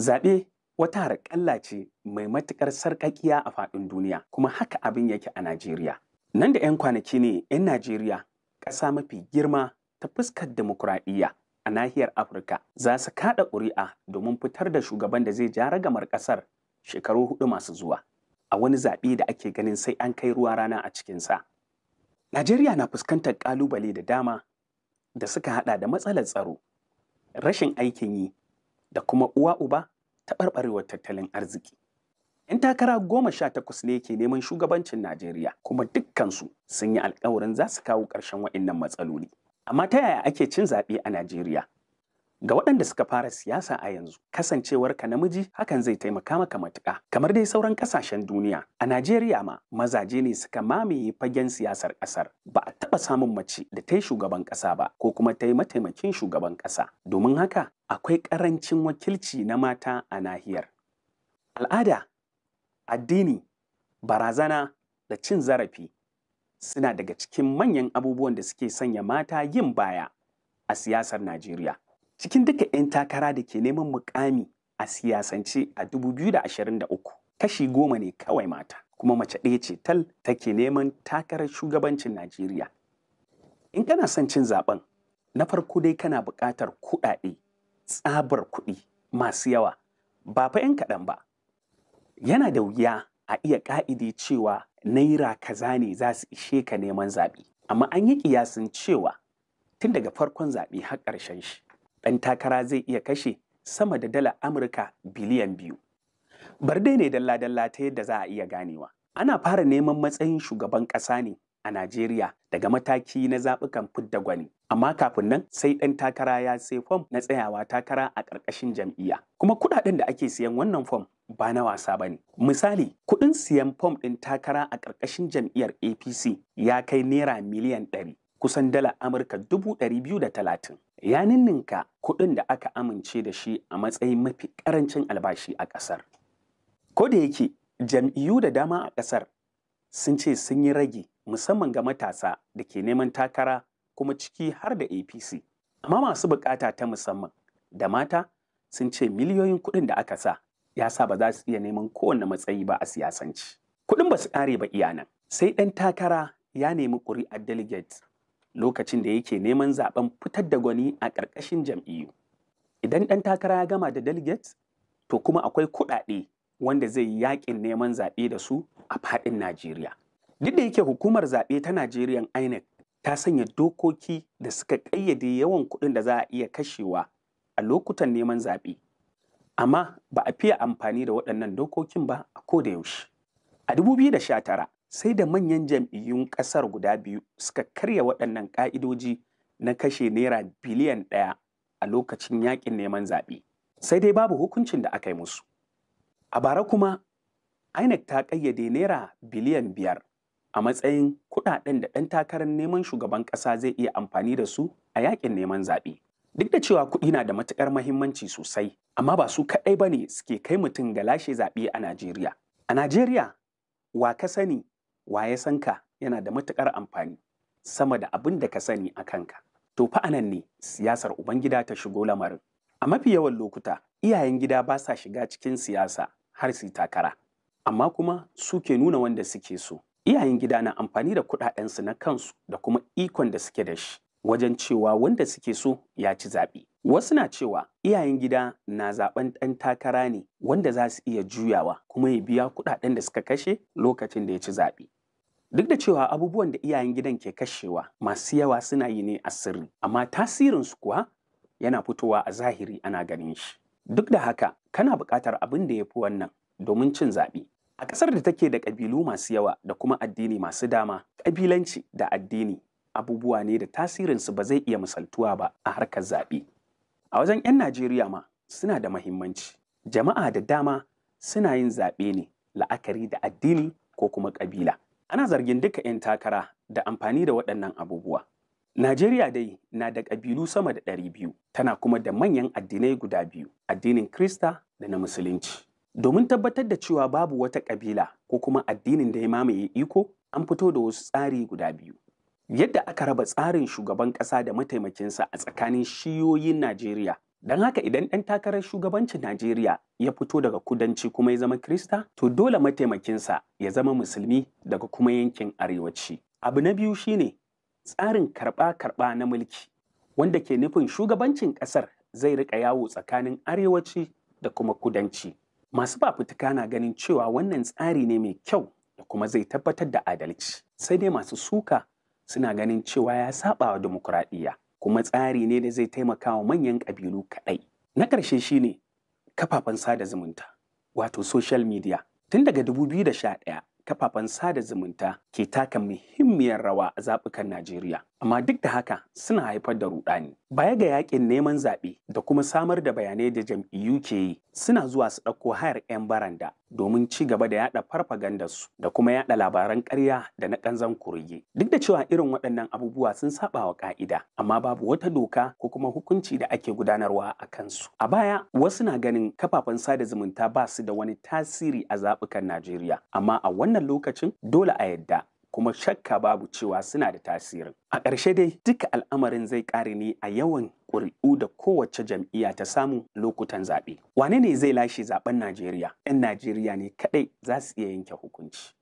Zaɓe wata harƙalla ce mai matuƙar sarƙaƙiya a faɗin duniya kuma haka abin yake a Najeriya. Nan da 'yan kwanaki ne 'yan Najeriya ƙasa mafi girma ta fuskar demokuraɗiyya a nahiyar Afirka za su kaɗa ƙuri'a domin fitar da shugaban da zai ja ragamar ƙasar shekaru hudu masu zuwa a wani zaɓe da ake ganin sai an kai ruwa rana a cikinsa. Najeriya na fuskantar ƙalubale da dama da suka haɗa da matsalar tsaro, rashin aikin yi da kuma uwa uba ta taɓarɓarewar tattalin arziki. 'Yan takara goma sha takwas ne ke neman shugabancin Najeriya kuma dukkansu sun yi alkawarin za su kawo ƙarshen wa'innan matsaloli. Amma ta yaya ake cin zaɓe a Najeriya? Ga waɗanda suka fara siyasa a yanzu, kasancewar kasancewarka namiji hakan zai taimaka maka matuƙa. Kamar dai sauran ƙasashen duniya, a Najeriya ma mazaje ne suka mamaye fagen siyasar ƙasar. Ba a taɓa samun mace da ta yi shugaban ƙasa ba ko kuma ta yi mataimakin shugaban ƙasa. Domin haka, akwai ƙarancin wakilci na mata a nahiyar. Al'ada, addini, barazana da cin zarafi suna daga cikin manyan abubuwan da suke sanya mata yin baya a siyasar Najeriya. cikin duka 'yan takara da ke neman mukami a siyasance a 2023 kashi goma ne kawai mata kuma mace ɗaya ce tal take neman takarar shugabancin najeriya in kana son cin zaben na farko dai kana buƙatar kuɗaɗe tsabar kuɗi masu yawa ba fa 'yan kaɗan ba yana da wuya a iya ƙa'ide cewa naira kaza ne za su ishe ka neman zaɓe amma an yi ƙiyasin cewa tun daga farkon zaɓe har ƙarshen shi ɗan takara zai iya kashe sama da dala Amurka biliyan biyu. Bar dai ne dalla-dalla ta yadda za a iya ganewa. Ana fara neman matsayin shugaban ƙasa ne a Najeriya daga mataki na zaɓukan fidda gwani. Amma kafin nan sai ɗan takara ya sai fom na tsayawa takara a ƙarƙashin jam'iyya. Kuma kuɗaɗen da ake siyan wannan fom ba na wasa ba ne. Misali, kuɗin siyan fom ɗin takara a ƙarƙashin jam'iyyar APC ya kai naira miliyan ɗari. kusan dala Amurka dubu ɗari biyu da talatin. Ya ninninka kuɗin da aka amince da shi a matsayin mafi ƙarancin albashi a ƙasar. Ko da yake jam'iyyu da dama a ƙasar sun ce sun yi rage musamman ga matasa da ke neman takara kuma ciki har da APC. Amma masu bukata ta musamman da mata sun ce miliyoyin kuɗin da aka sa ya sa ba za su iya neman kowane matsayi ba a siyasanci. Kuɗin ba su ƙare ba iyanan. Sai ɗan takara ya nemi ƙuri'ar delegate lokacin da yake neman zaben fitar da gwani a ƙarƙashin jam'iyyu. Idan ɗan takara ya gama da delegates, to kuma akwai kuɗaɗe wanda zai yi yaƙin neman zaɓe da su a faɗin Najeriya. Duk da yake hukumar zaɓe ta Najeriyan INEC ta sanya dokoki da suka ƙayyade yawan kuɗin da za a iya kashewa a lokutan neman zaɓe. Amma ba a fiye amfani da waɗannan dokokin ba a ko da yaushe. A da sha tara. sai da manyan jam'iyyun ƙasar guda biyu suka karya waɗannan ƙa'idoji na kashe naira biliyan ɗaya a lokacin yaƙin neman zaɓe sai dai babu hukuncin da aka yi musu a bara kuma inec ta ƙayyade naira biliyan biyar a matsayin kuɗaɗen da ɗan takarar neman shugaban ƙasa zai iya amfani da su a yaƙin neman zaɓe duk da cewa kuɗi na da matuƙar mahimmanci sosai amma ba su kaɗai ba ne suke kai mutum ga lashe zaɓe a najeriya a najeriya wa ka sani Wa ya san ka yana da matuƙar amfani sama da abin da ka sani a kanka to fa anan ne siyasar ubangida ta shigo lamarin a mafi yawan lokuta iyayen gida ba sa shiga cikin siyasa har su takara amma kuma su ke nuna wanda suke so iyayen gida na amfani da kuɗaɗensu na kansu da kuma ikon da suke da shi wajen cewa wanda suke so ya ci zaɓe. Wasu na cewa iyayen gida na zaɓen ɗan takara ne wanda za su iya juyawa kuma ya biya kuɗaɗen da suka kashe lokacin da ya ci zaɓe. Duk da cewa abubuwan da iyayen gidan ke kashewa masu yawa suna yi ne a sirri, amma tasirin su kuwa yana fitowa a zahiri ana ganin shi. Duk da haka, kana buƙatar abin da ya fi wannan domin cin zaɓe. A ƙasar da take da ƙabilu masu yawa da kuma addini masu dama, ƙabilanci da addini abubuwa ne da tasirinsu ba zai iya misaltuwa ba a harkar zaɓe. A wajen 'yan Najeriya ma suna da mahimmanci. Jama'a da dama suna yin zaɓe ne la'akari da addini ko kuma ƙabila. ana zargin duka 'yan takara da amfani da waɗannan abubuwa. Najeriya dai na da ƙabilu sama da ɗari biyu, tana kuma da manyan addinai guda biyu, addinin Krista da na Musulunci. Domin tabbatar da cewa babu wata ƙabila ko kuma addinin da ya mamaye iko, an fito da wasu tsari guda biyu. Yadda aka raba tsarin shugaban ƙasa da mataimakinsa a tsakanin shiyoyin Najeriya Don haka idan ɗan takarar shugabancin Najeriya ya fito daga kudanci kuma ya zama Kirista, to dole mataimakinsa ya zama musulmi daga kuma yankin arewaci. Abu na biyu shine tsarin karɓa-karɓa na mulki, wanda ke nufin shugabancin ƙasar zai riƙa yawo tsakanin arewaci da kuma kudanci. Masu fafutuka na ganin cewa wannan tsari ne mai kyau da kuma zai tabbatar da adalci. Sai dai masu suka suna ganin cewa ya saɓawa wa dimokuraɗiyya. kuma tsari ne da zai taimaka wa manyan ƙabilu kaɗai. Na ƙarshe shine kafafen sada zumunta, wato social media. Tun daga dubu biyu da sha ɗaya, kafafen sada zumunta ke taka muhimmiyar rawa a zaɓukan Najeriya. amma duk da haka suna haifar da rudani. Baya ga yakin neman zaɓe da kuma samar da bayanai da jam'iyyu ke yi suna zuwa su ɗauko hayar 'yan baranda domin ci gaba da yada farfagandarsu da kuma yada labaran ƙarya da na ƙanzan kurege. Duk da cewa irin waɗannan abubuwa sun saba wa ƙa'ida, amma babu wata doka ko kuma hukunci da ake gudanarwa a kansu. A baya, wasu na ganin kafafen sada zumunta ba su da wani tasiri a zaɓukan Najeriya, amma a wannan lokacin dole a yadda kuma shakka babu cewa suna da tasirin. A ƙarshe dai duka al'amarin zai ƙare ne a yawan ƙuri'u da kowace jam'iyya ta samu lokutan zaɓe. Wane ne zai lashe zaɓen Najeriya? 'Yan Najeriya ne kaɗai za su iya yanke hukunci.